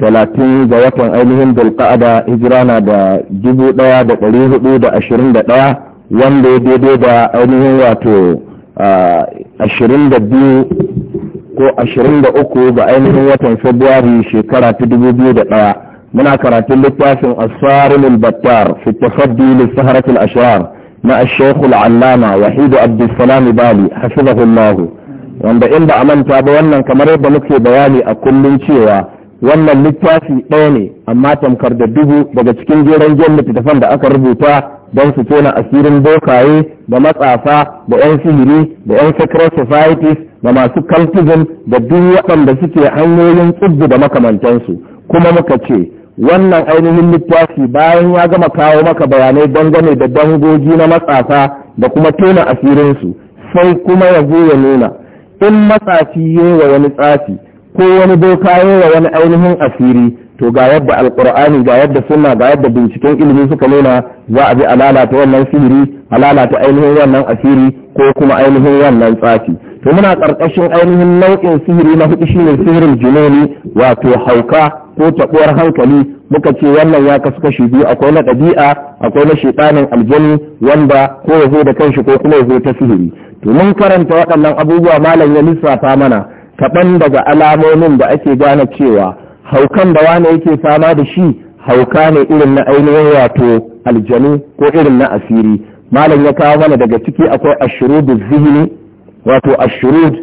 talatin ga watan ainihin dulka'ada hijira na da dubu ɗaya da ɗari hudu da ashirin da ɗaya wanda ya daidai da ainihin wato ashirin da biyu ko ashirin da uku ga ainihin watan februari shekara ta dubu biyu da ɗaya muna karatun littafin asarin battar fi tafaddi lissaharatul ashrar na ashekul allama wahidu abdulsalam bali hafizahullahu wanda inda ba a manta ba wannan kamar yadda muke bayani a kullun cewa wannan littafi ɗaya ne amma tamkar da dubu daga cikin jeren jan littattafan da aka rubuta don su tona asirin bokaye da matsafa da 'yan sihiri da 'yan secret societies da masu cultism da duk waɗanda suke hanyoyin tsibbi da makamantansu kuma muka ce wannan ainihin littafi bayan ya gama kawo maka bayanai dangane da dangogi na matsafa da kuma tona asirinsu sai kuma ya zo ya nuna in matsafi yi wa wani tsafi ko wani doka wa wani ainihin asiri to ga yadda alkur'ani ga yadda sunna ga yadda binciken ilimi suka nuna za a bi a lalata wannan sihiri a lalata ainihin wannan asiri ko kuma ainihin wannan tsafi to muna karkashin ainihin nau'in sihiri na hudu shine sihirin jinoni wato hauka ko taɓuwar hankali muka ce wannan ya kasu kashi biyu akwai na ɗabi'a akwai na shaitanin aljani wanda ko ya da kanshi ko kuma ya ta sihiri to mun karanta waɗannan abubuwa malam ya lissafa mana kaɗan daga alamomin da ake gane cewa haukan da wane yake fama da shi hauka ne irin na ainihin wato aljanu ko irin na asiri malam ya kawo mana daga ciki akwai ashirudu zihini wato ashirud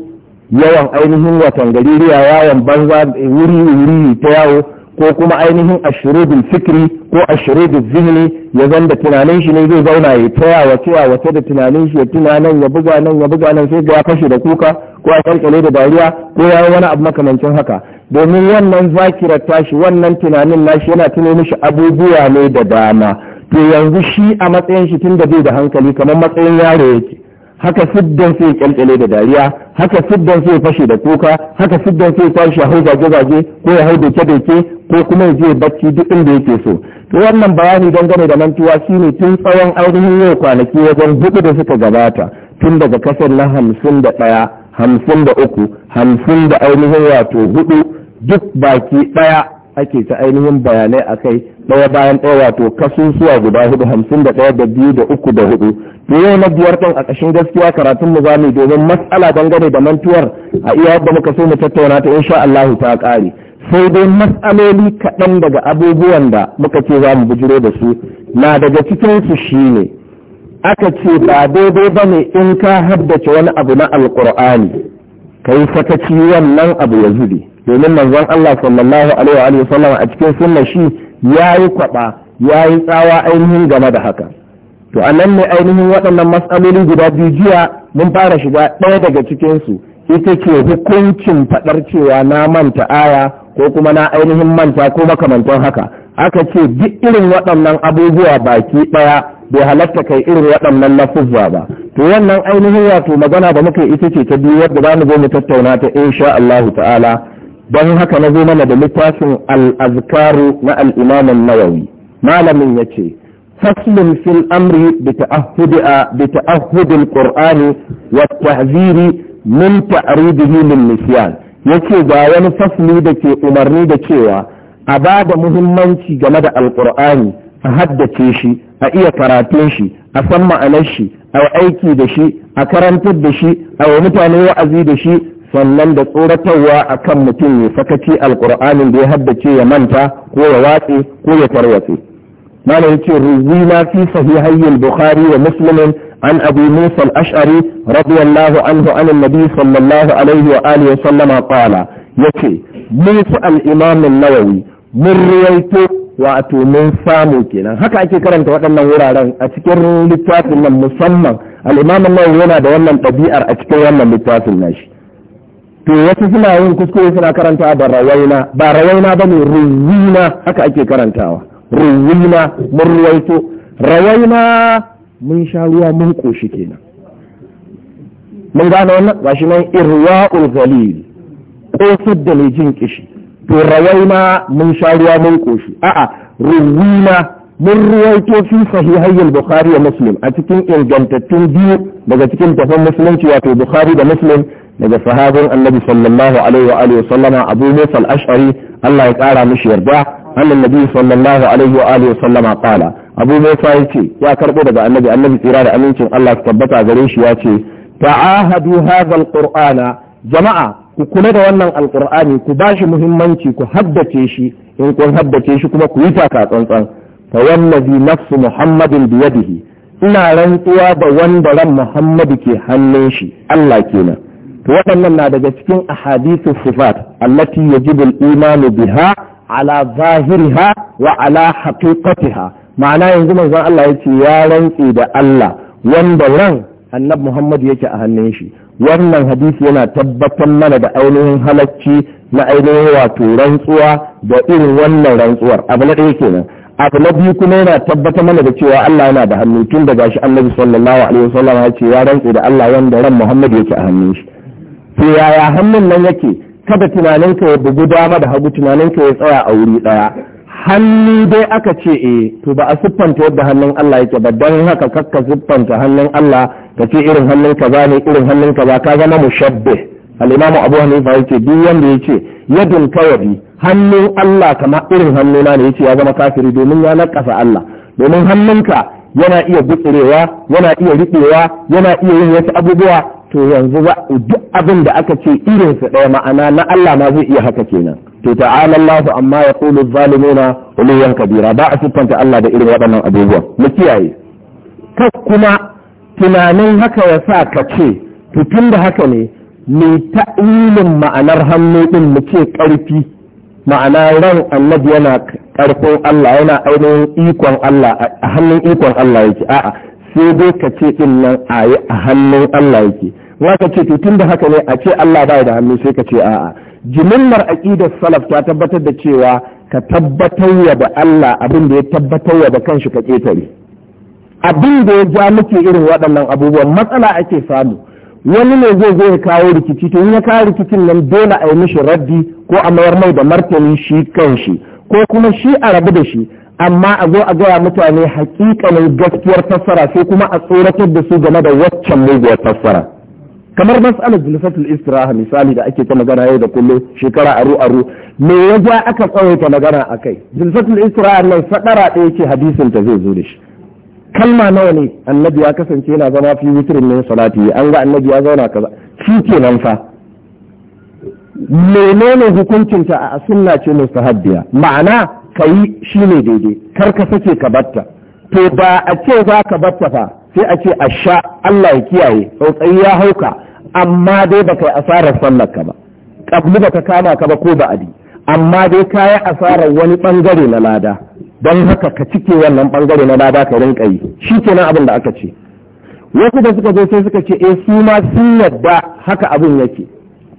yawan ainihin watan gaririya yawon banza wuri wuri ta yawo ko kuma ainihin ashirudu fikri ko ashirudu zihni ya zanda tunanin shi ne zai zauna ya ta yawa cewa wace da tunanin shi ya tunanin ya buga nan ya buga nan sai ga ya fashe da kuka ko a kyalkyale da dariya ko ya yi wani abu makamancin haka domin wannan zakirar tashi wannan tunanin nashi yana tuno mishi abubuwa ne da dama to yanzu shi a matsayin shi tun da bai da hankali kamar matsayin yaro yake haka siddan sai kyalkyale da dariya haka siddan sai fashe da kuka haka siddan sai kwashi hau zage-zage ko ya hau doke-doke ko kuma je bacci duk inda yake so to wannan bayani dangane da mantuwa shine tun tsawon ainihin yau kwanaki wajen hudu da suka gabata tun daga kasar na hamsin da ɗaya hamsin da uku hamsin da ainihin wato hudu duk baki ɗaya ake ta ainihin bayanai a kai ɗaya bayan ɗaya wato kasusuwa guda hudu hamsin da ɗaya da biyu da uku da hudu to yau na biyar ɗin a ƙashin gaskiya karatun mu zamu domin matsala dangane da mantuwar a iya yadda muka so mu tattauna ta insha Allah ta ƙare sai dai matsaloli kaɗan daga abubuwan da muka ce za mu da su na daga cikin su shine aka ce ba daidai ba ne in ka haddace wani abu na alkur'ani ka yi sakaci wannan abu ya zube domin manzon Allah sallallahu alaihi wa sallam a cikin sunna shi yayi yi kwaba ya tsawa ainihin game da haka to a nan ne ainihin waɗannan matsaloli guda biyu jiya mun fara shiga ɗaya daga cikinsu ita ce hukuncin faɗar cewa na manta aya ko kuma na ainihin manta ko makamantan haka aka ce duk irin waɗannan abubuwa baki ɗaya bai halatta kai irin waɗannan lafuzza ba to wannan ainihin wato magana da muka ita ce ta biyu wadda zamu zo mu tattauna ta insha Allahu ta'ala don haka na zo mana da littafin al-azkaru na al-imam an-nawawi malamin yace فصل في الأمر بتأهد بتأهد القرآن والتحذير من تعريضه للنسيان yake ga wani fasli da ke umarni da cewa a ba da muhimmanci game da alkur'ani a haddace shi a iya karatun shi a san ma'anar shi a aiki da shi a karantar da shi a wa mutane wa'azi da shi sannan da tsoratarwa a kan mutum ya sakaci alƙur'anin da ya haddace ya manta ko ya watse ko ya tarwatse malam yace ruwina fi sahihayyil bukhari wa muslimin عن أبي موسى الأشعري رضي الله عنه عن النبي صلى الله عليه وآله وسلم قال al موسى الإمام النووي mun روايته wato mun samu kenan haka ake karanta waɗannan wuraren a cikin littafin nan musamman limamin nan yana da wannan ɗabi'ar a cikin wannan littafin nashi to wasu suna yin kuskure suna karanta da rawaina ba rawaina ba ne ruwina haka ake karantawa ruwina mun ruwaito rawaina mun sha ruwa mun koshi kenan mun gane wannan gashi nan irwa'ul zalil ko da mai jin kishi to rawaina mun sha ruwa mun koshi a'a ruwina mun ruwaito fi sahihayyar bukhari da muslim a cikin ingantattun biyu daga cikin tafan musulunci wato bukhari da muslim daga sahabin annabi sallallahu alaihi wa alihi sallama abu musa al-ash'ari Allah ya kara mishi yarda annan nabi sallallahu alaihi wa alihi sallama qala abu musa yace ya karbo daga annabi annabi tsira da amincin Allah ya tabbata gare shi yace ta'ahadu hadha al-qur'ana jama'a ku kula da wannan alkur'ani ku ba shi muhimmanci ku haddace shi in kun haddace shi kuma ku yi taka tsantsan fa wallazi nafsu muhammadin biyadihi ina rantsuwa da wanda ran muhammadu ke hannun shi Allah kenan to waɗannan na daga cikin ahadithu sifat allati yajibu al-imanu biha ala zahiriha wa ala haqiqatiha ma'ana yanzu manzon Allah yace ya rantsi da Allah wanda ran annabi Muhammad yake a hannun shi wannan hadisi yana tabbatar mana da ainihin halacci na ainihin wato rantsuwa da irin wannan rantsuwar abu na ɗaya kenan abu na biyu kuma yana tabbatar mana da cewa Allah yana da hannu tun daga shi annabi sallallahu alaihi wasallam ya ce ya rantse da Allah wanda ran Muhammad yake a hannun shi to yaya hannun nan yake kada ka ya bugu dama da hagu tunanin ka ya tsaya a wuri ɗaya hannu dai aka ce eh to ba a siffanta yadda hannun Allah yake ba dan haka kakka siffanta hannun Allah ka ce irin hannun kaza ne irin hannun kaza ka zama mushabbih al-imamu abu hanifa yace duk wanda yace yadin kawabi hannun Allah kama irin hannuna ne yace ya zama kafiri domin ya nakasa Allah domin hannunka yana iya gutsurewa yana iya riɓewa yana iya yin wasu abubuwa to yanzu ba duk abin da aka ce irin su ɗaya ma'ana na Allah ma zai iya haka kenan to ta'ala Allahu amma ya qulu zalimuna uluyan kabira ba a siffanta Allah da irin waɗannan abubuwa mu kiyaye kuma tunanin haka ya sa ka ce tutun da haka ne mai ta'ilin ma'anar hannu ɗin mu ce ƙarfi ma'ana ran annabi yana ƙarfin Allah yana ainihin ikon Allah a hannun ikon Allah yake a'a sai dai ka ce ɗin nan a yi a hannun Allah yake wa ka ce tutun da haka ne a ce Allah bai da hannu sai ka ce a'a jimillar aƙidar salaf ta tabbatar da cewa ka tabbatar da Allah abin da ya tabbatar da kanshi ka ƙetare. abin da ya ja muke irin waɗannan abubuwan matsala ake samu wani ne zai zo ya kawo rikici to in ya kawo rikicin nan dole a yi mishi raddi ko a mayar mai da martani shi kan shi ko kuma shi a rabu da shi amma a zo a gaya mutane hakikanin gaskiyar fassara sai kuma a tsoratar da su game da waccan muguwar fassara kamar mas'alar jilisatul istiraha misali da ake ta magana yau da kullum shekara aru aru me ya ja aka tsawaita magana a kai jilisatul istiraha nan sadara ɗaya ce hadisin ta zai zo da shi kalma nawa ne annabi ya kasance yana zama fi witrin min salati an ga annabi ya zauna kaza shi nan fa menene hukuncin hukuncinta a sunna ce mustahabbiya ma'ana kayi ne daidai kar ka sake ka batta to ba a ce za ka batta fa sai a ce a Allah ya kiyaye tsautsayi ya hauka amma dai ba kai asarar sallar ka ba kabli ba ka kama ka ba ko ba adi amma dai kayi asarar wani bangare na lada don haka ka cike wannan bangare na ba ka rinka yi shi kenan abin da aka ce wasu da suka zo sai suka ce e, su ma sun yadda haka abin yake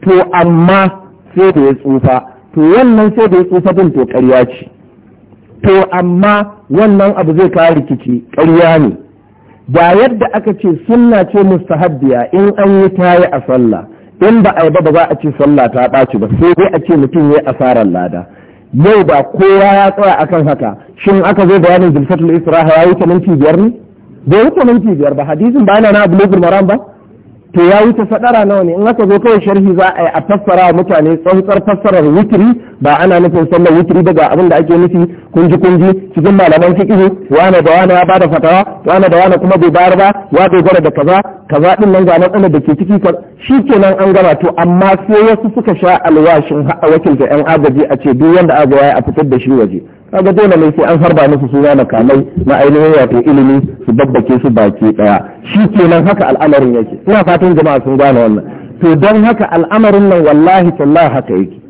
to amma sai da ya tsufa to wannan sai da ya tsufa din to ƙarya ce to amma wannan abu zai kawo rikici ƙarya ne ba yadda aka ce sunna ce mustahabbiya in an yi tayi a sallah in ba a yi ba ba za a ce sallah ta ɓaci ba sai dai a ce mutum ya asarar lada yau ba kowa ya tsaya akan haka shin aka zo bayanin zulfatul isra'a ya wuce minti biyar ne bai wuce minti biyar ba hadisin ba yana na bulugul maram ba to ya wuce faɗara nawa ne in aka zo kawai sharhi za a yi a fassara wa mutane tsantsar fassarar witiri ba ana nufin sallar witiri daga abin da ake nufi kunji kunji cikin malaman fiqhu wane da wane ya bada fatawa wane da wane kuma bai bayar ba ya dogara da kaza kaza din nan ga matsalar da ke ciki shi kenan an gama to amma sai wasu suka sha alwashin wakilta yan agaji a ce duk wanda aka ya a fitar da shi waje kaga dole ne sai an harba musu suna makamai na ainihin wato ilimi su babbake su baki daya shi kenan haka al'amarin yake ina fatan jama'a sun gane wannan to don haka al'amarin nan wallahi tallahi haka yake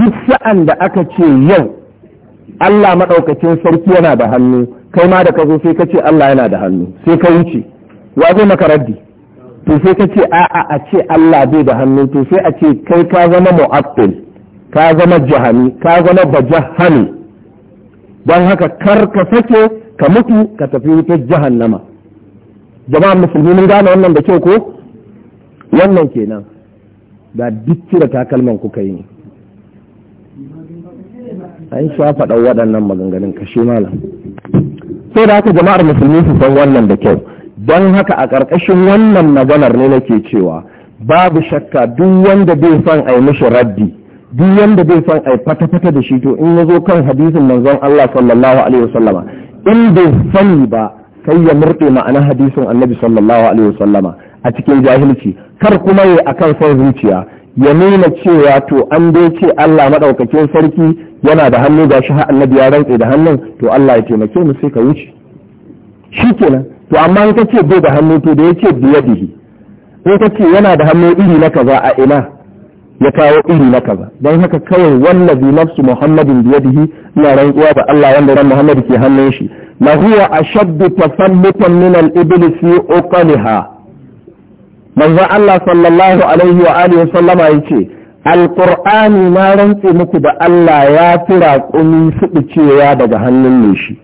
duk sa'an da aka ce yau Allah madaukakin sarki yana da hannu kai ma da ka zo sai ka ce Allah yana da hannu sai ka wuce wa zai maka raddi to sai ka ce a'a a ce Allah bai da hannu to sai a ce kai ka zama mu'attil ka zama jahani ka zama bajahani don haka kar ka sake ka mutu ka tafi wutar jahannama jama'a musulmi mun gane wannan da kyau ko wannan kenan da duk cire takalman kuka yi ne an sha faɗa waɗannan maganganun kashe malam sai da haka jama'ar musulmi su san wannan da kyau don haka a ƙarƙashin wannan maganar ne nake cewa babu shakka duk wanda bai son a yi mishi raddi duk yanda bai son ai fata-fata da shi to in ya zo kan hadisin manzon Allah sallallahu alaihi wasallama in bai sani ba kai ya murɗe ma'ana hadisin annabi sallallahu alaihi wasallama a cikin jahilci kar kuma ya akan son zuciya ya nuna cewa to an dai ce Allah madaukakin sarki yana da hannu gashi har annabi ya rantsa da hannun to Allah ya taimake mu sai ka wuce shikenan to amma in kace bai da hannu to da yace biyadihi in kace yana da hannu iri na kaza a ina ya kawo iri na kaza don haka kawai wallazi nafsu muhammadin biyadihi ina rantsuwa da Allah wanda ran Muhammadu ke hannun shi la huwa ashaddu tafallutan min al-iblis fi uqaliha manzon Allah sallallahu alaihi wa alihi wa sallama yace alqur'ani na rantse muku da Allah ya fi raƙumi cewa daga hannun ne shi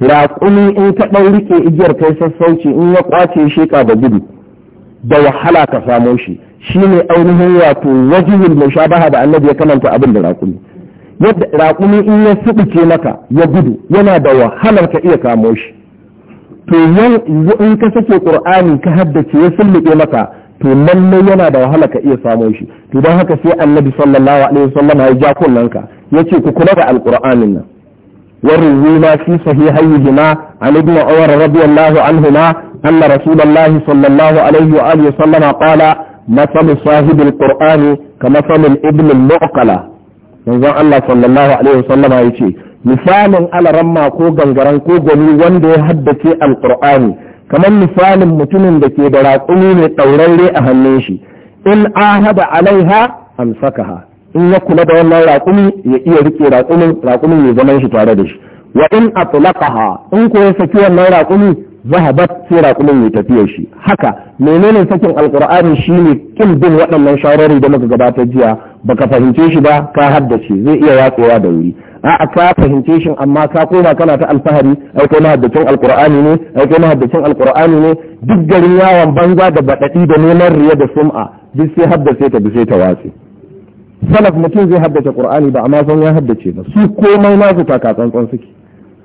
raƙumi in ka ɗan rike igiyar kai sassauci in ya kwace shi ka da gudu da wahala ka samo shi Shi shine ainihin wato wajihin mushabaha da annabi ya kamanta abin da raƙumi yadda raƙumi in ya suɓuce maka ya gudu yana da wahalar ka iya kamo shi to in ka sake ƙur'ani ka haddace ya sulluɓe maka to lallai yana da wahala ka iya samo shi to don haka sai annabi sallallahu alaihi wasallam ya ja kunnanka yace ku kula da alqur'anin nan والرزيما في صحيحيهما عن ابن عمر رضي الله عنهما أن رسول الله صلى الله عليه وآله وسلم قال مثل صاحب القرآن كمثل الابن المعقلة manzon Allah sallallahu alaihi wasallam ya ce misalin alaramma ko gangaren ko gwani wanda ya haddace Alƙur'ani, kamar misalin mutumin da ke da raƙumi mai ɗaurarre a hannun shi in ahada alaiha amsakaha in ya kula da wannan raƙumi ya iya rike raƙumin raƙumin ya zaman shi tare da shi wa in atlaqaha in ko ya saki wannan raƙumi zahabat sai raƙumin mai tafiya shi haka menene sakin alƙur'ani shine kin bin waɗannan shawarwari da muka gabata jiya baka fahimce shi ba ka haddace zai iya yatsowa da wuri a'a ka fahimce shi amma ka koma kana ta alfahari ai kai mahaddacin alƙur'ani ne ai kai mahaddacin alƙur'ani ne duk garin yawon banza da baɗaɗi da neman riya da sum'a duk sai haddace ta bi sai ta watse salaf mutum zai haddace ƙur'ani ba amma san ya haddace ba su komai nasu taka tsantsan suke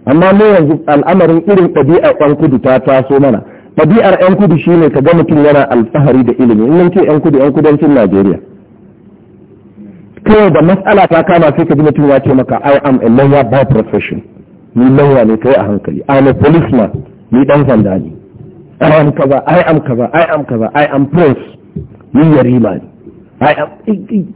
amma mu yanzu al'amarin irin ɗabi'a ɗan kudu ta taso mana ɗabi'ar ɗan kudu ne ka ga mutum yana alfahari da ilimi in ce ɗan kudu ɗan kudancin najeriya kawai da matsala ta kama sai ka ji mutum ya ce maka i am a lawyer by profession ni lawyer ne kai a hankali i am a policeman ni dan sanda ne i am kaza i am kaza i am kaza i am prince ni yarima ne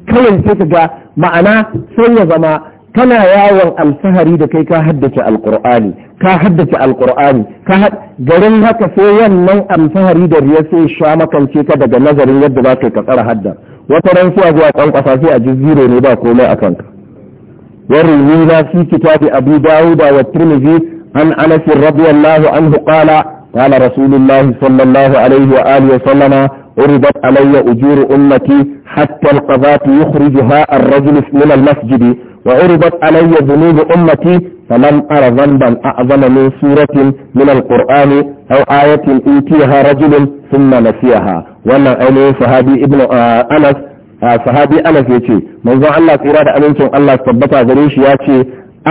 kawai sai ka ga ma'ana sai ya zama تنا ياون الفهري دكي كهدت القرآن كهدت القرآن كهد قرن هكا سيوان من الفهري دريسي شامكا تيكا دك نظر يد باكي كقر هدا وترن سوى جوا كنك فاسي أجزيري نبا كوما أكنك ورمينا في كتاب أبي داود والترمذي عن أنس رضي الله عنه قال قال رسول الله صلى الله عليه وآله وسلم أردت علي أجور أمتي حتى القضاة يخرجها الرجل من المسجد وعرضت علي ذنوب أمتي فلم أر ذنبا أعظم من سورة من القرآن أو آية أوتيها رجل ثم نسيها ولا أيني صحابي ابن أنس صحابي أنس يتي منذ الله إرادة أمنتم الله ثبتها غريش ياتي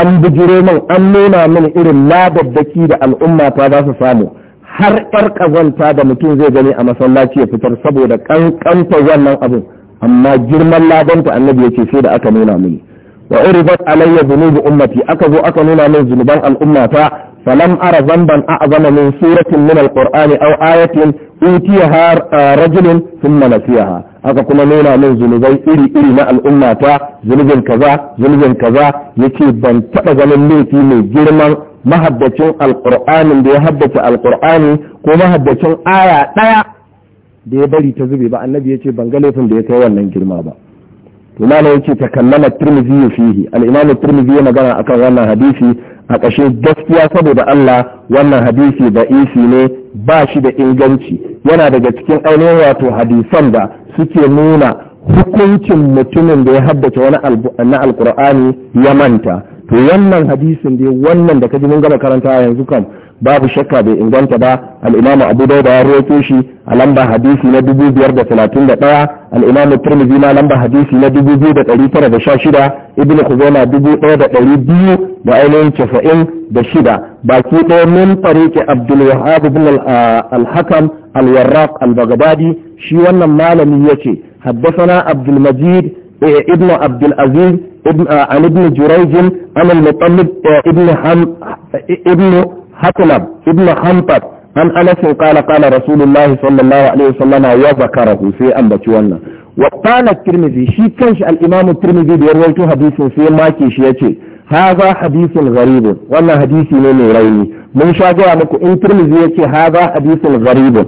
an bijiro min an nuna min irin labaddaki da al'umma ta za su samu har ƙar ƙazanta da mutum zai gani a masallaci ya fitar saboda ƙanƙanta wannan abin amma girman ladanta annabi ya ce sai da aka nuna mini wa uridat alayya dhunubu ummati aka zo aka nuna min zunuban al'ummata falam ara zamban a'zama min suratin min alqur'ani aw ayatin utiyaha uh, rajulun thumma nasiyaha aka kuma nuna min zunubai iri iri na al'ummata zunubin kaza zunubin kaza yace ban taba ganin laifi mai girman mahaddacin alqur'anin da ya haddace alqur'ani ko mahaddacin aya daya da ya bari ta zube ba annabi yace ban ga laifin da ya kai wannan girma ba to malam yake ta kallama tirmidhi fihi al-imam tirmizi ya magana akan wannan hadisi a ƙashe gaskiya saboda Allah wannan hadisi da isi ne ba shi da inganci yana daga cikin ainihin wato hadisan da suke nuna hukuncin mutumin da ya haddace wani na alkur'ani ya manta to wannan hadisin dai wannan da kaji mun gaba karanta yanzu kam babu shakka bai inganta ba al-imamu abu dauda ya rawaito shi a lamba hadisi na 2531 al-imamu tirmidhi ma lamba hadisi na 2916 ibnu khuzaima 1200 da ainihin 90 da shida baki ɗaya min tariki abdul wahab ibn al-hakam al-warraq al-baghdadi shi wannan malami yace حدثنا عبد المجيد ابن عبد العزيز ابن عن ابن جريج عن المطلب ابن حم ابن حكلب ابن خنطب عن أنس قال قال رسول الله صلى الله عليه وسلم وذكره في أنبتشونا وقال الترمذي شي كانش الإمام الترمذي بيرويته حديث في ماكي شيء هذا حديث غريب وانا حديث من ريني من شاجع مكو ان ترمذي يكي هذا حديث غريب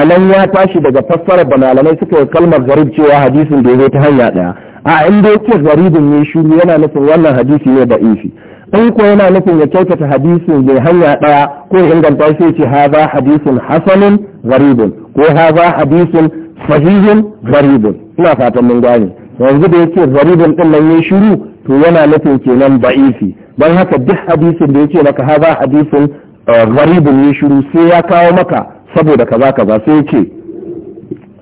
anan ya tashi daga fassarar da malamai suka yi kalmar garib cewa hadisin da ya zo ta hanya daya a inda yake garibin ne shiru yana nufin wannan hadisi ne da ifi in ko yana nufin ya kyautata hadisin bai hanya ɗaya ko ya inganta shi ce haza hadisin hasanun garibin ko haza hadisin sahihin gharibun ina fatan mun gane yanzu da yake garibin din nan yayi shiru to yana nufin kenan ba'ifi don haka duk hadisin da yake maka haza hadisin eh, gharibun yayi shiru sai ya kawo maka saboda kaza kaza sai yake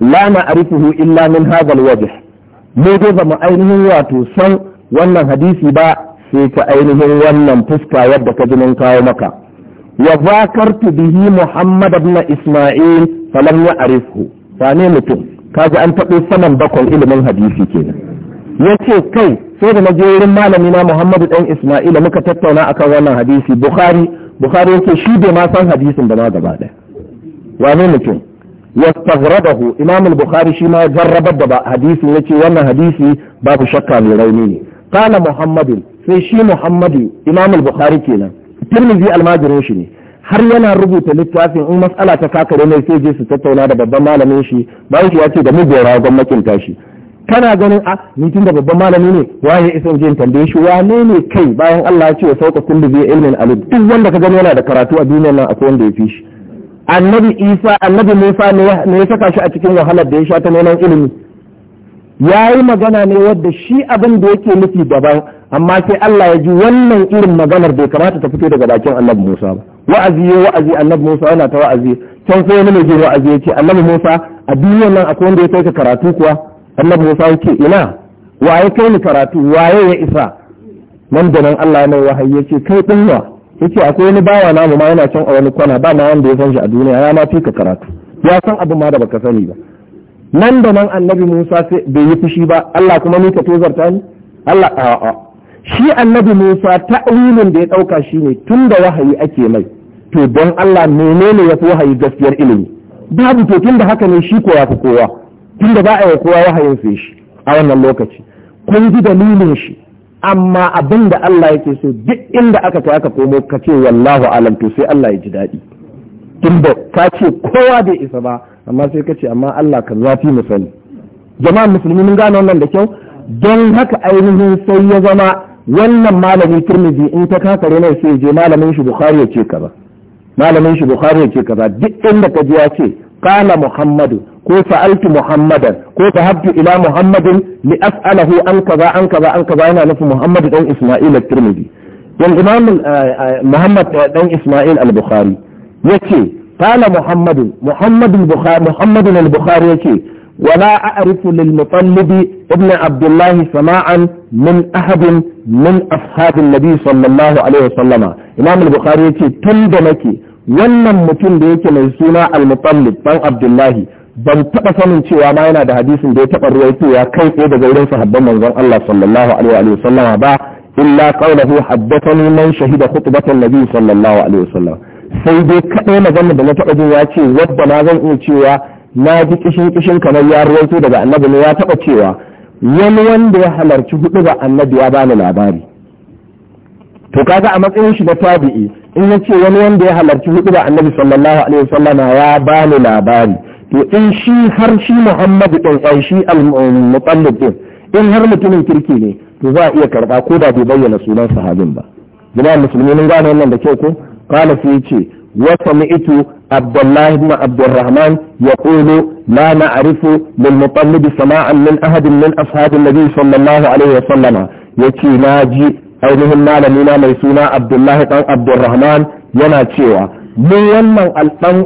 la na'rifuhu illa min hadha alwajh mu dai ba mu ainihin wato san wannan hadisi ba sai ta ainihin wannan fuska wadda ka jinin kawo maka wa zakartu bihi muhammad ibn isma'il falam ya arifhu sane mutum kaji an taɓo saman bakon ilimin hadisi kenan yace kai sai da naje wurin malami na muhammad dan isma'il muka tattauna akan wannan hadisi bukhari bukhari yake shi bai ma san hadisin ba ma gaba daya wane mutum yastaghrabahu imam al-bukhari shi ma jarrabar da hadisin yace wannan hadisi babu shakka mai rauni ne kana muhammadin sai shi muhammadu imam al-bukhari kenan tirmidhi almajirin shi ne har yana rubuta littafin in mas'ala ta kakare mai sai je su tattauna da babban malamin shi bayan shi ya ce da mu gora gwamnatin tashi kana ganin a ah, ni tun da babban malami ne waye isan jin tambaye shi wane ne kai bayan Allah ya ce wa sauka kullu bi ilmin alim duk wanda ka gani yana da karatu a duniyar nan akwai wanda ya fi shi annabi Isa annabi Musa ne ya saka shi a cikin wahalar da ya sha ta neman ilimi ya yi magana ne wadda shi abin da yake nufi daban amma sai Allah ya ji wannan irin maganar bai kamata ta fito daga bakin annabi Musa ba wa'azi ya wa'azi annabi Musa yana ta wa'azi can sai wani mai wa'azi ya ce annabi Musa a duniyar nan akwai wanda ya kai ka karatu kuwa annabi Musa ya ce ina waye kai ni karatu waye ya isa nan da nan Allah mai wahayi ya ce kai din wa yace akwai wani bawa namu ma yana can a wani kwana ba na wanda ya san shi a duniya ya ma fi ka karatu ya san abu ma da baka sani ba nan da nan annabi Musa bai yi fushi ba Allah kuma ni ka tozarta ni Allah a'a shi annabi Musa ta'wilin da ya dauka shine tunda wahayi ake mai to don Allah menene ya fi wahayi gaskiyar ilimi babu to tun da haka ne shi ko ya fi kowa tunda ba a yi kowa wahayin sai shi a wannan lokaci kun ji dalilin shi amma abin da Allah yake so duk inda aka kai aka komo ka ce wallahu alam to sai Allah ya ji daɗi tunda ka ce kowa bai isa ba amma sai ka ce amma Allah kan zafi mu sani jama'a musulmi mun gane wannan da kyau don haka ainihin sai ya zama wannan malami turmizi in ta kakare ne sai je malamin shi bukhari ya ce kaza malamin shi bukhari ya ce kaza duk inda ka ji ya ce qala muhammadu ko sa'altu muhammadan ko tahabtu ila muhammadin li as'alahu an kaza an kaza an kaza yana nufin muhammadu dan isma'il at-tirmidhi dan imam eh, eh, muhammad dan isma'il al-bukhari yace قال محمد محمد البخاري محمد البخاري يكي ولا أعرف للمطلب ابن عبد الله سماعا من أحد من أصحاب النبي صلى الله عليه وسلم إمام البخاري يكي تندمكي wannan mutum da yake mai suna al-mutallib dan Abdullahi ban taba sanin cewa ma yana da hadisin da ya taba ruwaito ya kai tsaye daga wurin sahabban manzon Allah sallallahu alaihi wa sallama ba illa qawluhu haddathani man shahida khutbatan nabi sallallahu alaihi wa sallam sai dai kaɗai maganar da na taɓa jin ya ce wadda na zan iya cewa na ji kishin kishin kamar ya ruwaito daga annabi ne ya taɓa cewa wani wanda ya halarci hudu ga annabi ya bani labari to kaga a matsayin shi na tabi'i in ya ce wani wanda ya halarci hudu ga annabi sallallahu alaihi wasallam ya bani labari to in shi har shi muhammadu ɗin ai shi al-mutallib ɗin in har mutumin kirki ne to za a iya karɓa ko da bai bayyana sunan sahabin ba jama'a musulmi mun gane wannan da kyau ko qala sai ce wa sami'tu abdullahi ibn abdurrahman yaqulu la na'rifu lil mutallib sama'an min ahadin min ashabin nabi sallallahu alaihi wa sallama yace na ji ainihin malami na mai suna abdullahi dan abdurrahman yana cewa mu wannan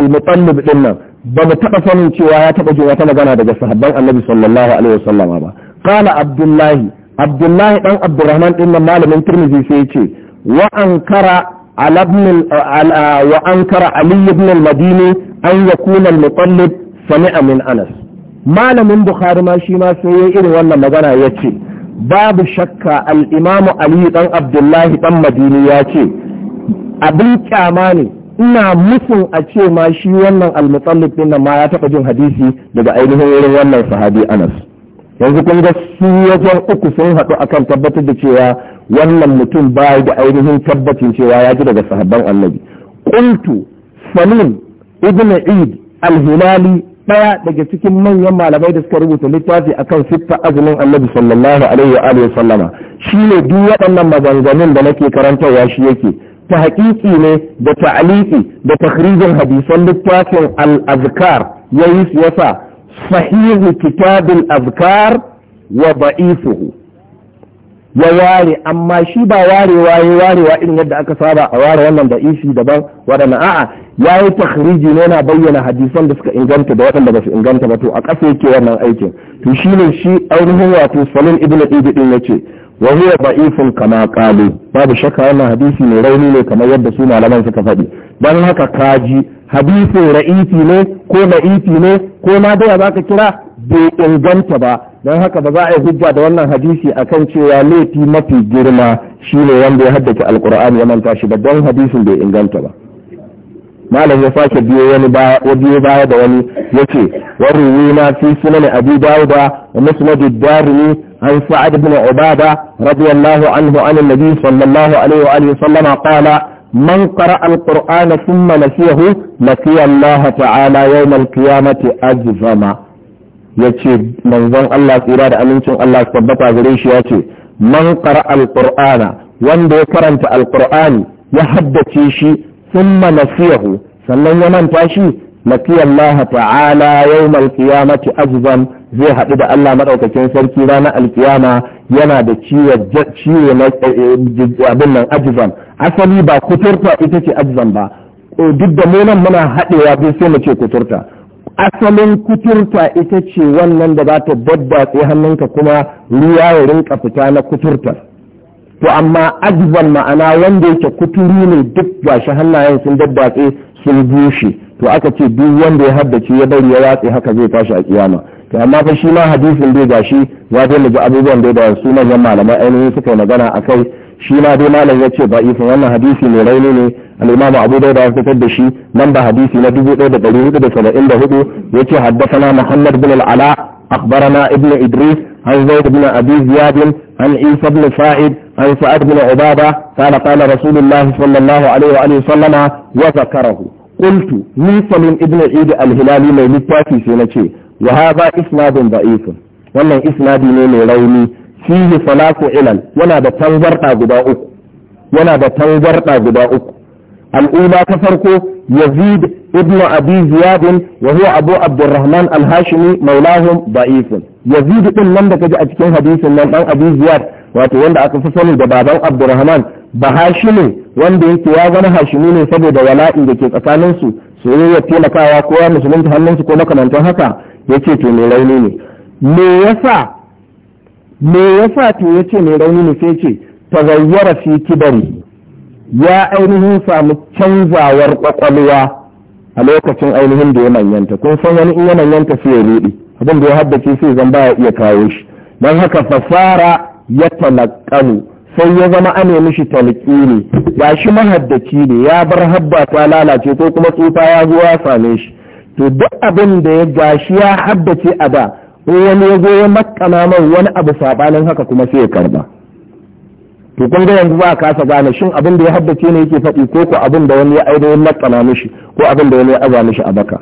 al-mutallib din nan ba mu taɓa sanin cewa ya taɓa jin wata magana daga sahabban annabi sallallahu alaihi wasallama ba qala abdullahi abdullahi dan abdurrahman din nan malamin tirmidhi sai yace wa ankara على ابن وأنكر علي بن المديني أن يكون المطلب سمع من أنس ما من بخاري ما شي ما سيئر ولا مغانا يتي babu shakka al'imamu Aliyu ɗan Abdullahi ɗan Madini ya ce, abin kyama ne, ina musun a ce ma shi wannan almutsallif ɗin nan ma ya taɓa jin hadisi daga ainihin wurin wannan sahabi Anas. yanzu kun ga su wajen uku sun haɗu akan tabbatar da cewa wannan mutum ba da ainihin tabbacin cewa ya ji daga sahabban annabi kuntu salim ibn eid al-hilali daya daga cikin manyan malamai da suka rubuta littafi akan siffa azumin annabi sallallahu alaihi wa alihi sallama shine duk waɗannan maganganun da nake karantarwa shi yake ta haƙiƙi ne da ta'aliki da takhrijin hadisan littafin al-azkar yayi yasa. sahihu kitabul azkar wa ya ware amma shi ba warewa ya warewa irin yadda aka saba a ware wannan da daban waɗanda a'a ya yi takhriji ne yana bayyana hadisan da suka inganta da waɗanda ba su inganta ba to a ƙasa yake wannan aikin to shi ne shi ainihin wato salim ibn ibn din ce wa huwa da'ifun kama qalu babu shakka wannan hadisi ne rauni ne kamar yadda su malaman suka faɗi dan haka kaji hadisin ra'iti ne ko na'ifi ne ko ma da zaka kira bai inganta ba dan haka ba za a yi hujja da wannan hadisi akan cewa laifi mafi girma shine wanda ya haddace alkur'ani ya manta shi ba don hadisin bai inganta ba malam ya sake biyo wani ya biyo baya da wani yace wa ruwina fi sunan abi dawuda wa musnad ad-darimi عن سعد بن عبادة رضي الله عنه عن النبي صلى الله عليه وآله وسلم قال من قرأ القرآن ثم نسيه لقي الله تعالى يوم القيامة أجزما yace manzon Allah tsira da amincin Allah su tabbata gare shi yace man qara wanda ya karanta alkur'ani ya haddace shi thumma nasiyahu sannan ya manta shi laqiya Allah ta'ala kiyama qiyamati azban zai haɗu da Allah madaukakin sarki ranar alkiyama yana da ciwo na eh, abin nan ajizan asali ba kuturta ita ce ajizan ba duk da munan muna haɗewa bai sai mu kuturta asalin kuturta ita ce wannan da za ta daddatse hannunka kuma ruwa ya rinka fita na kuturta to amma ajizan ma'ana wanda yake kuturi ne duk gashi hannayen sun daddatse sun bushe to aka ce duk wanda ya haddace ya bari ya watse haka zai tashi a kiyama to amma fa shi ma hadisin dai gashi ya dai ji abubuwan dai da su manyan malamai ainihin suka yi magana a kai shi ma dai malam ya ce da'ifin wannan hadisi mai rauni ne al-imamu abu da ya fitar da shi nan ba hadisi na 1474 ya ce haddasa muhammad bin al-ala akhbarana ibnu idris an zaid bin abi عن عيسى بن سعيد عن سعد بن عبادة قال قال رسول الله صلى الله عليه وآله وسلم وذكره قلت من سليم ابن عيد الهلالي من لتاتي سنتي وهذا إسناد ضعيف wannan isnadi ne mai rauni fihi salatu ilal yana da tangarda guda uku yana da tangarda guda uku al'umma ta farko yazid ابن أبي زياد وهو أبو عبد الرحمن الهاشمي مولاهم ضعيف يزيد إن لم تجد أتكين حديث من أبي زياد وتوند أكفصل ببابا عبد الرحمن bahashimi wanda yake ya zama hashimi ne saboda wala'i da ke tsakanin su soyayyar taimakawa ko ya musulunta hannunsu ko makamantan haka yace to mai rauni ne me yasa me yasa to yace mai rauni ne sai ce tagayyara ki bari ya ainihin samu canzawar kwakwalwa a lokacin ainihin da ya manyanta kun san wani in ya manyanta sai ya rudi abin da ya haddace sai zan ya iya kawo shi don haka fasara ya talakkanu sai ya zama ane mishi ne ya shi mahaddaci ne ya bar habba ta lalace ko kuma tsufa ya zo ya same shi to duk abin da ya gashi ya haddace a da wani ya zo ya makana mai wani abu sabanin haka kuma sai ya karba to kun ga yanzu ba kasa gane shin abin da ya haddace ne yake faɗi ko ko abin da wani ya ainihin lakana mishi ko abin da wani ya aza mishi a baka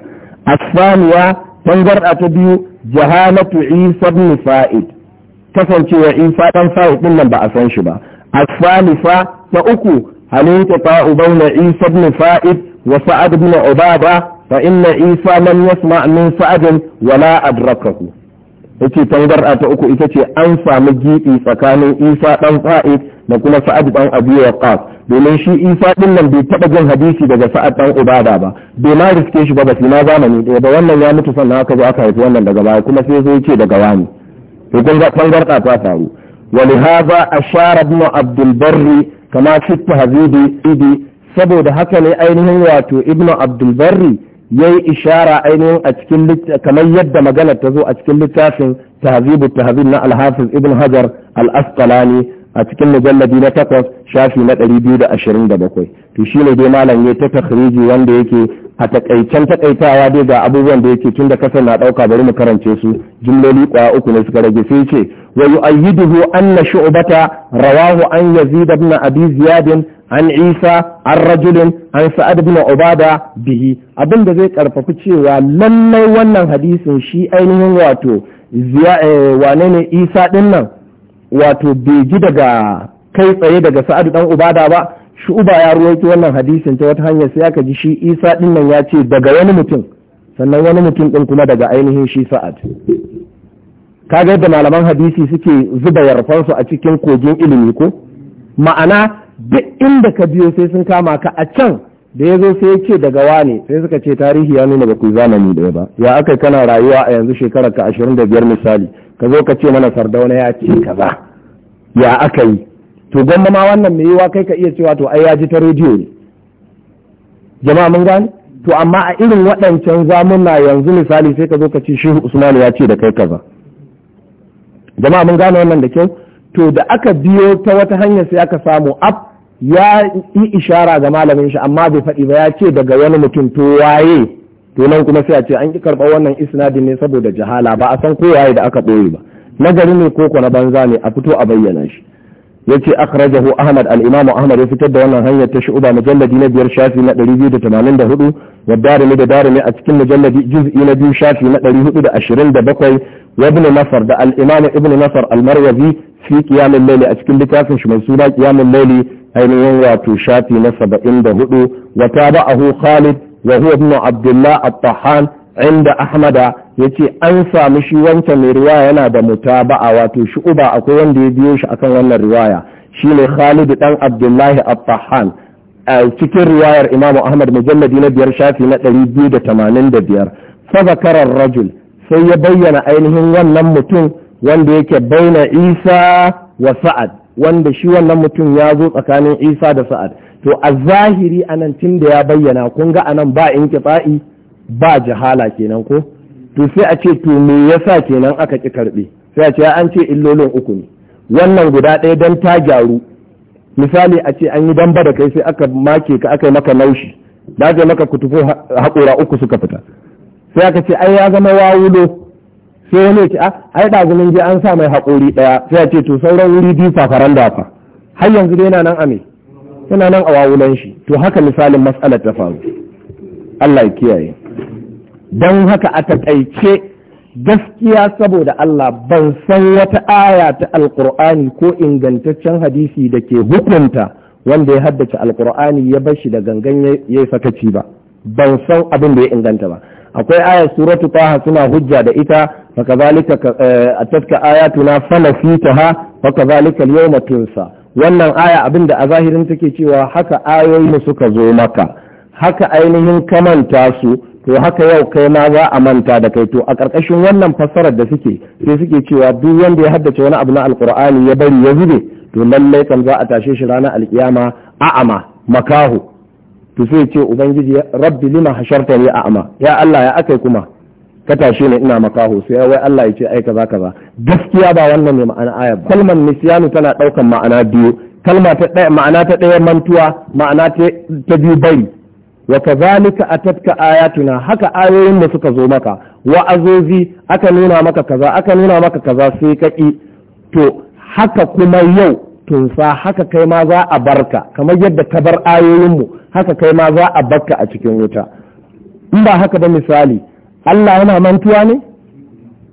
asfaniya tangarɗa ta biyu jahanatu isa ibn fa'id kasancewa isa dan fa'id din nan ba a san shi ba asfanifa ta uku halinta ta bauna isa ibn fa'id wa sa'ad ibn ubaba fa inna isa lam yasma' min sa'ad wala adrakahu yace a ta uku ita ce an samu gidi tsakanin Isa dan Sa'id da kuma Sa'ad dan Abi Waqqas domin shi Isa din nan bai taba jin hadisi daga Sa'ad dan Ubada ba bai ma riske shi ba ba na zamani ɗaya ba wannan ya mutu sannan aka zo aka haifi wannan daga baya kuma sai zo yake daga wani to kun ga tangarda ta faru ولهذا أشار ابن abdul البر kama في hadidi idi saboda haka ne ainihin wato ibnu abdulbarri ya yi ishara ainihin a cikin kamar yadda magana ta zo a cikin littafin tahzibu tahzib na alhafiz ibn hajar al-asqalani a cikin mujalladi na takwas shafi na ɗari biyu da ashirin da bakwai to shi ne dai malam ya ta takhriji wanda yake a takaicen takaitawa dai ga abubuwan da yake tunda kasar na ɗauka bari mu karance su jimloli kwaya uku ne suka rage sai ce wa yu'ayyiduhu anna shu'bata rawahu an yazid ibn abi an isa an rajulin an sa'ad bin ubada bihi abin da zai karfafi cewa lallai wannan hadisin shi ainihin wato wane ne isa din nan wato bai ji daga kai tsaye daga sa'ad ɗan ubada ba shi uba ya ruwaito wannan hadisin ta wata hanyar sai aka ji shi isa din nan ya ce daga wani mutum sannan wani mutum ɗin kuma daga ainihin shi sa'ad Ka ga yadda malaman hadisi suke zuba yarfansu a cikin kogin ilimi ko ma'ana duk inda ka biyo sai sun kama ka a can da ya zo sai ya ce daga wane sai suka ce tarihi ya nuna ba ku zamani ɗaya ba ya aka kana rayuwa a yanzu shekarar ka ashirin da biyar misali ka zo ka ce mana sardauna ya ce kaza ya aka yi to gwamma ma wannan mai yiwa kai ka iya cewa to ai ya ji ta rediyo ne jama'a mun gane to amma a irin waɗancan zamuna yanzu misali sai ka zo ka ce shehu usman ya ce da kai kaza jama'a mun gane wannan da kyau to da aka biyo ta wata hanyar sai aka samu app. ya yi ishara ga malamin shi amma bai faɗi ba ya ce daga wani mutum to waye to nan kuma sai a ce an ki karɓar wannan isnadin ne saboda jahala ba a san ko waye da aka ɓoye ba nagari ne ko na banza ne a fito a bayyana shi yace akhrajahu ahmad al-imam ahmad ya fitar da wannan hanyar ta shu'ba mujalladi na biyar shafi na 284 wa darimi da darimi a cikin mujalladi juz'i na biyu shafi na 427 wa ibn nasr da al-imam ibn nasr al-marwazi fi qiyam al-layl a cikin littafin shi mai suna qiyam al-layl ainihin wato shafi na 74 wa tabahu khalid wa huwa ibn abdullah at-tahan inda ahmada ya ce an samu shi wancan mai riwaya yana da mutaba'a wato shi uba akwai wanda ya biyo shi a kan wannan riwaya shine khalidu dan Abdullahi Abbahan a cikin riwayar Imam Ahmad mujalladi na biyar shafi na 285 fa zakara rajul sai ya bayyana ainihin wannan mutum wanda yake baina Isa wa Sa'ad wanda shi wannan mutum ya zo tsakanin Isa da Sa'ad to a zahiri anan tun da ya bayyana kun ga anan ba inqita'i ba jahala kenan ko to sai a ce to me yasa kenan aka ki karbe sai a ce an ce illolin uku ne wannan guda ɗaya dan ta gyaru misali a ce an yi damba da kai sai aka make ka aka yi maka naushi da aka maka kutufo haƙora uku suka fita sai aka ce ai ya zama wawulo sai wani ce a ah, ai ɗagumin je an sa mai haƙori ɗaya sai a ce to sauran wuri biyu fafaran fa har yanzu dai yana nan a me yana nan a wawulan shi to haka misalin matsalar ta faru Allah ya kiyaye don haka a taƙaice gaskiya saboda Allah ban san wata aya ta alƙur'ani ko ingantaccen hadisi da ke hukunta wanda ya haddace alƙur'ani ya bar shi da gangan ya yi sakaci ba ban san abin da ya inganta ba akwai aya suratu taha suna hujja da ita fa kazalika eh, atatka ayatuna fanasitaha fa kazalika zalika yawma tunsa wannan aya abin da a zahirin take cewa haka ayoyin suka zo maka haka ainihin kamanta su to haka yau kai ma za a manta da kai to a ƙarƙashin wannan fassarar da suke sai suke cewa duk wanda ya haddace wani abu na alƙur'ani ya bari ya zube to lallai kam za a tashe shi ranar alƙiyama a'ama makaho to sai ce ubangiji rabbi lima hashartani a'ama ya Allah ya akai kuma ka tashe ni ina makaho sai wai Allah ya ce ai kaza kaza gaskiya ba wannan ne ma'ana aya kalmar nisyanu tana ɗaukan ma'ana biyu kalma ta ɗaya ma'ana ta ɗaya mantuwa ma'ana ta biyu bari wa kazalika atatka ayatuna haka ayoyin mu suka zo maka wa'azozi aka nuna maka kaza aka nuna maka kaza sai kaki to haka kuma yau tunsa haka kai ma za a barka kamar yadda ka bar ayoyin mu haka kai ma za a barka a cikin wuta in ba haka ba misali Allah yana mantuwa ne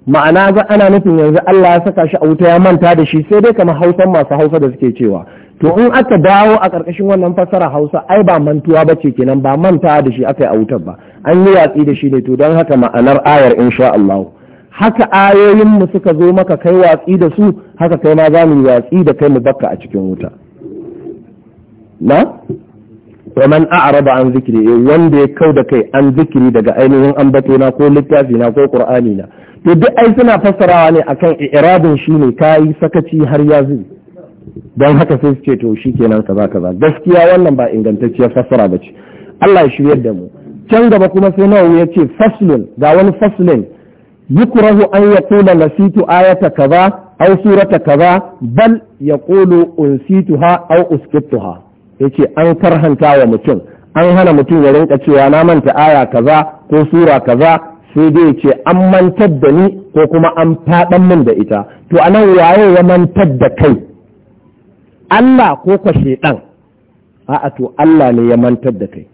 ma'ana za ana nufin yanzu Allah ya saka shi a wuta ya manta da shi sai dai kamar hausan masu hausa da suke cewa to in aka dawo a ƙarƙashin wannan fasara hausa ai ba mantuwa ba ce kenan ba manta da shi aka yi a wutar ba an yi yatsi da shi ne to don haka ma'anar ayar insha Allah haka ayoyin mu suka zo maka kai watsi da su haka kai ma za mu yi watsi da kai mu bakka a cikin wuta na wa man a'rada an zikri eh, wanda ya kau da kai an zikiri daga ainihin ambato na ko littafi na ko qur'ani na to duk ai suna fassarawa ne akan i'rabin shine kai sakaci har ya don haka sai su ce to shi kenan kaza kaza gaskiya wannan ba ingantacciyar fassara ba Allah ya shiryar da mu can gaba kuma sai nawa ya ce faslun ga wani faslin yukrahu an ya yaqula nasitu ayata kaza aw surata kaza bal yaqulu unsituha aw uskituha yace an karhanta wa mutum an hana mutum ya rinka cewa na manta aya kaza ko sura kaza sai dai ce an mantar da ni ko kuma an faɗan min da ita to anan waye ya mantar da kai Allah ko kwa shaidan a'a to Allah ne ya mantar da kai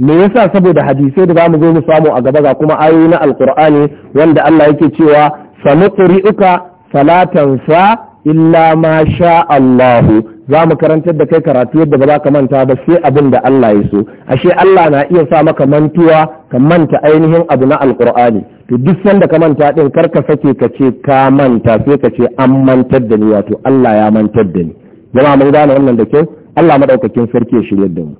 me yasa saboda hadisai da zamu zo mu samu a gaba ga kuma ayoyi na alqur'ani wanda Allah yake cewa sanuqri'uka salatan sa illa ma sha Allahu za mu karantar da kai karatu yadda ba za ka manta ba sai abin da Allah ya so ashe Allah na iya sa maka mantuwa ka manta ainihin abu na alkur'ani to duk sanda ka manta din kar ka sake ka ce ka manta sai ka ce an mantar da ni wato Allah ya mantar da ni jama'a mun gane wannan da kyau Allah madaukakin sarki ya shirye da mu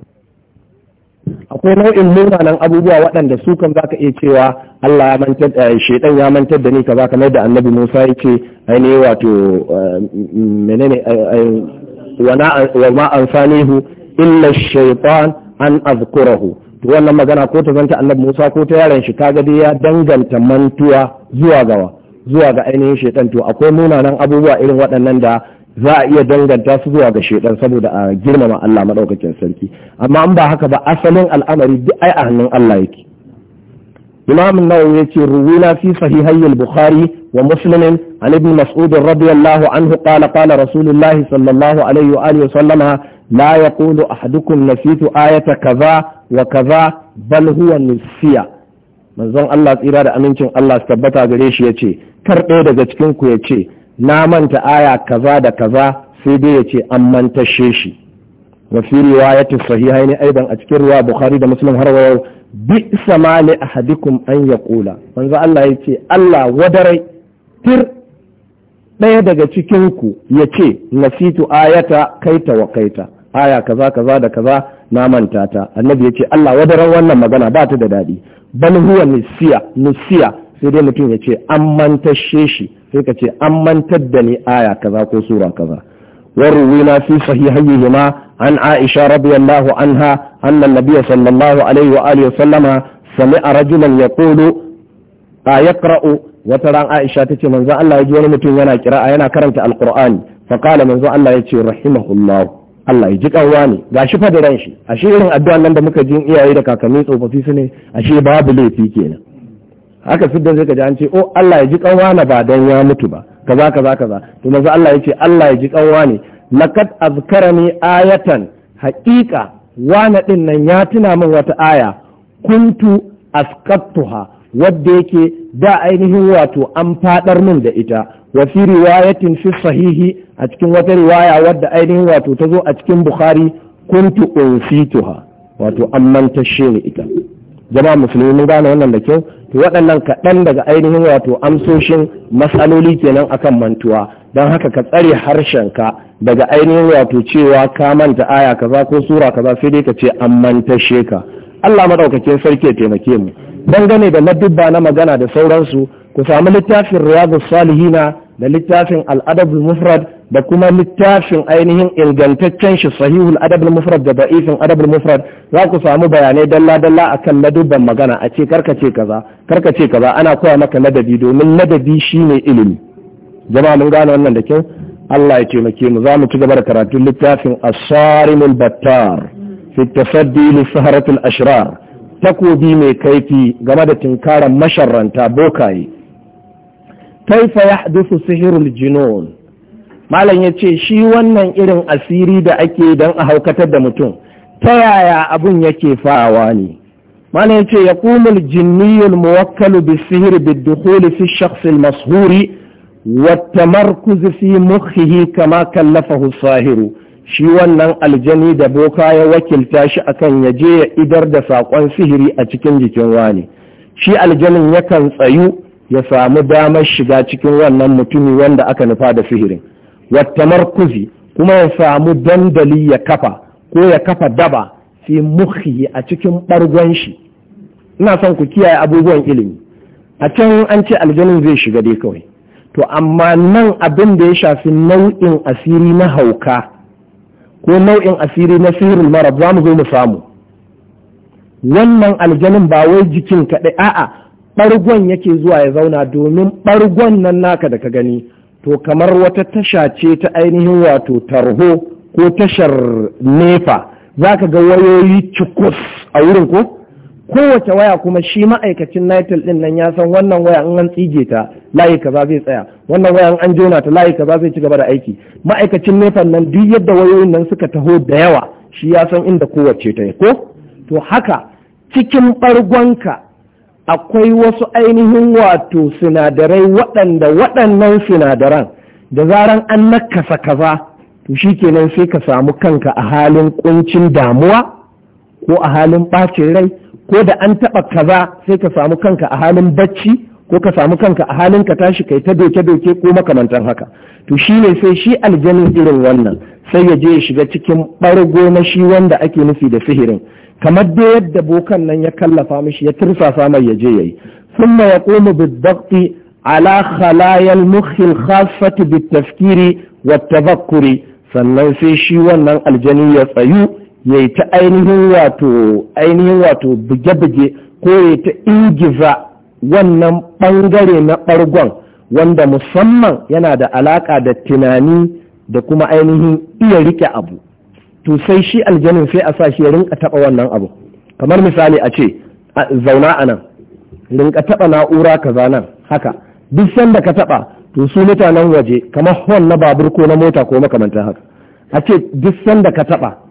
akwai nau'in munanan abubuwa waɗanda su kan zaka iya cewa Allah ya mantar da eh, shedan ya mantar da ni zaka mai da Annabi Musa ya ce ainihin wato eh, menene eh, wa ma ansanihu illa shaytan an azkurahu wannan magana ko ta zanta annabi Musa ko ta yaran shi kaga dai ya danganta mantuwa zuwa gawa zuwa ga ainihin shaitan to akwai munanan abubuwa irin waɗannan da za a iya danganta su zuwa ga shaitan saboda a girmama Allah madaukakin sarki amma an ba haka ba asalin al'amari duk ai a hannun Allah yake Imam Nawawi yace ruwina fi sahihayyil Bukhari Wa عن ابن مسعود رضي الله عنه قال قال رسول الله صلى الله عليه وآله وسلم لا يقول أحدكم نسيت آية كذا وكذا بل هو نسيا manzon Allah tsira da amincin Allah su tabbata gare shi ya ce ɗaya daga cikin ku ya ce na manta aya kaza da kaza sai dai ya ce an mantashe shi wa ya riwayatin sahihai ne aidan a cikin ruwa bukhari da muslim har wayo bi sama li ahadikum an yaqula manzo Allah yace ce Allah wadarai tir ɗaya daga cikinku ya ce nasitu ayata kaita wa kaita aya kaza kaza da kaza na manta ta annabi ya ce Allah wadaran wannan magana ba ta da daɗi bal huwa Nisiya nusiya sai dai mutum ya ce an mantashe shi sai ka ce an mantar da ni aya kaza ko sura kaza fi في صحيحيهما عن عائشة رضي الله عنها أن النبي wa الله عليه وآله وسلم سمع رجلا يقول أيقرأ wata ran Aisha tace manzo Allah ya ji wani mutum yana kira'a yana karanta alqur'ani fa qala manzo Allah ce rahimahullah Allah ya ji kanwa ne gashi fa da ran shi ashe irin addu'an nan da muka ji iyaye da kakanni tsofaffi su ne ashe babu laifi kenan haka siddan zai ka ji an ce oh Allah ya ji kanwa na ba dan ya mutu ba kaza kaza kaza to manzo Allah ce Allah ya ji kanwa ne laqad azkarani ayatan haqiqa wani din nan ya tuna min wata aya kuntu askattuha wadda yake da ainihin wato an fadar min da ita wa fi riwayatin fi sahihi a cikin wata riwaya wadda ainihin wato ta zo a cikin bukhari kuntu unsituha wato an mantashe ni ita jama'a musulmi mun gane wannan da kyau to waɗannan kaɗan daga ainihin wato amsoshin matsaloli kenan akan mantuwa don haka ka tsare harshen ka daga ainihin wato cewa ka manta aya kaza ko sura kaza sai dai ka ce an mantashe ka Allah maɗaukakin sarki ya taimake mu dangane da ladubba na magana da sauransu ku samu littafin riyadu salihina da littafin al'adabul mufrad da kuma littafin ainihin ingantaccen shi sahihul adabul mufrad da da'ifin adabul mufrad za ku samu bayanai dalla dalla akan ladubban magana a ce karkace kaza karkace kaza ana koya maka ladabi domin ladabi shine ilimi jama'a mun gane wannan da kyau Allah ya taimake mu za mu ci gaba da karatun littafin asarimul battar fi tasaddi li sahratil ashrar takobi mai kaifi game da tinkarar masharranta bokaye ya yahdusu sihirul jinon, malam ya ce shi wannan irin asiri da ake don a haukatar da mutum ta yaya abin yake fawa ne malam ya ce ya kumul jinniyul muwakkalu bi sihir bi dukhuli fi shakhsil mashuri wa tamarkuz fi mukhihi kama kallafahu sahiru shi wannan aljani da boka ya wakilta shi akan ya je ya idar da saƙon sihiri a cikin jikin wani shi aljanin yakan tsayu ya samu damar shiga cikin wannan mutumi wanda aka nufa da sihirin wata markuzi kuma ya samu dandali ya kafa ko ya kafa daba fi muhi a cikin bargon shi ina son ku kiyaye abubuwan ilimi a can an ce aljanin zai shiga dai kawai to amma nan abin da ya shafi nau'in asiri na hauka ko nau'in asiri na sihirin mara za mu zo mu samu wannan aljanin ba wai jikin kaɗai a'a ɓargon yake zuwa ya zauna domin ɓargon nan naka da ka gani to kamar wata tasha ce ta ainihin wato tarho ko tashar nefa za ka ga wayoyi cikus a wurin ko kowace waya kuma shi ma'aikacin nitel din nan ya san wannan waya in an tsige ta layi kaza zai tsaya wannan waya in an jona ta layi kaza zai ci gaba da aiki ma'aikacin nefan nan duk yadda wayoyin nan suka taho da yawa shi ya san inda kowace ta ko to haka cikin bargonka akwai wasu ainihin wato sinadarai waɗanda waɗannan sinadaran da zaran an nakasa kaza to shi kenan sai ka samu kanka a halin kuncin damuwa ko a halin ɓacin rai ko da an taɓa kaza sai ka samu kanka a halin bacci ko ka samu kanka a halin ka tashi kai ta doke-doke ko makamantan haka to shi ne sai shi aljanin irin wannan sai ya je ya shiga cikin ɓargo na shi wanda ake nufi da sihirin kamar da yadda bokan nan ya kallafa mishi ya tursasa mai ya je yayi thumma yaqumu bid-daqti ala khalaya al-mukh al-khaffati bit-tafkiri wat sannan sai shi wannan aljani ya tsayu ya yi ta ainihin wato ainihin wato buge-buge ko ya ta ingiza wannan ɓangare na ɓargon wanda musamman yana da alaƙa da tunani da kuma ainihin iya rike abu to sai shi aljanin sai a sa shi ya rinka taɓa wannan abu kamar misali a ce zauna a nan rinka taɓa na'ura kaza nan haka duk sanda ka taɓa to su mutanen waje kamar hon na babur ko na mota ko makamantan haka a ce duk sanda ka taɓa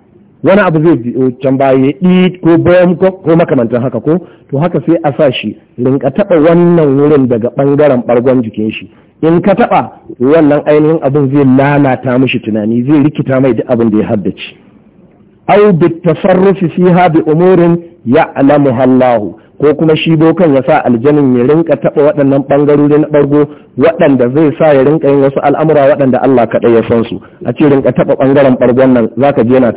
wani abu zai biyo can baya ya ɗi ko bayan ko makamantan haka ko to haka sai a sa shi rinka taɓa wannan wurin daga ɓangaren ɓargon jikin shi in ka taɓa wannan ainihin abin zai lalata mishi tunani zai rikita mai duk abin da ya haddace au bi tasarrufi fiha bi umurin ya'lamuha Allahu ko kuma shi bokan ya sa aljanin ya rinka taɓa waɗannan ɓangarori na ɓargo waɗanda zai sa ya rinka yin wasu al'amura waɗanda Allah kaɗai ya san su a ce rinka taɓa ɓangaren ɓargon nan zaka je yana